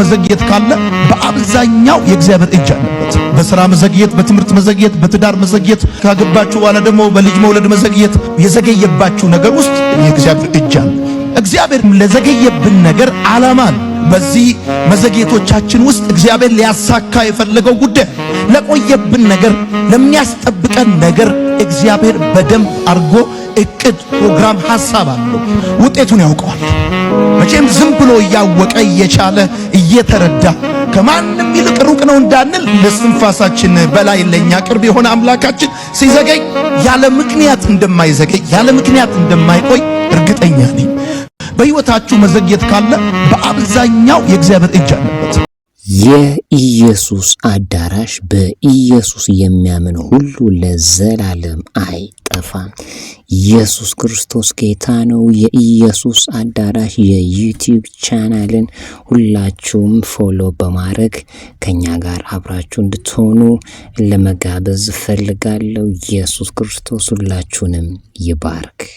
መዘግየት ካለ በአብዛኛው የእግዚአብሔር እጅ አለበት። በስራ መዘግየት፣ በትምህርት መዘግየት፣ በትዳር መዘግየት፣ ካገባችሁ በኋላ ደግሞ በልጅ መውለድ መዘግየት፣ የዘገየባችሁ ነገር ውስጥ የእግዚአብሔር እጅ አለ። እግዚአብሔር ለዘገየብን ነገር ነው። በዚህ መዘግየቶቻችን ውስጥ እግዚአብሔር ሊያሳካ የፈለገው ጉዳይ ለቆየብን ነገር፣ ለሚያስጠብቀን ነገር እግዚአብሔር በደንብ አድርጎ እቅድ፣ ፕሮግራም፣ ሐሳብ አለው። ውጤቱን ያውቀዋል። መቼም ዝም ብሎ እያወቀ እየቻለ እየተረዳ ከማንም ይልቅ ሩቅ ነው እንዳንል ለስንፋሳችን በላይ ለኛ ቅርብ የሆነ አምላካችን ሲዘገይ ያለ ምክንያት እንደማይዘገይ ያለ ምክንያት እንደማይቆይ እርግጠኛ ነኝ። በሕይወታችሁ መዘግየት ካለ በአብዛኛው የእግዚአብሔር እጅ አለበት። የኢየሱስ አዳራሽ በኢየሱስ የሚያምን ሁሉ ለዘላለም አይጠፋም። ኢየሱስ ክርስቶስ ጌታ ነው። የኢየሱስ አዳራሽ የዩቲዩብ ቻናልን ሁላችሁም ፎሎ በማድረግ ከኛ ጋር አብራችሁ እንድትሆኑ ለመጋበዝ እፈልጋለሁ። ኢየሱስ ክርስቶስ ሁላችሁንም ይባርክ።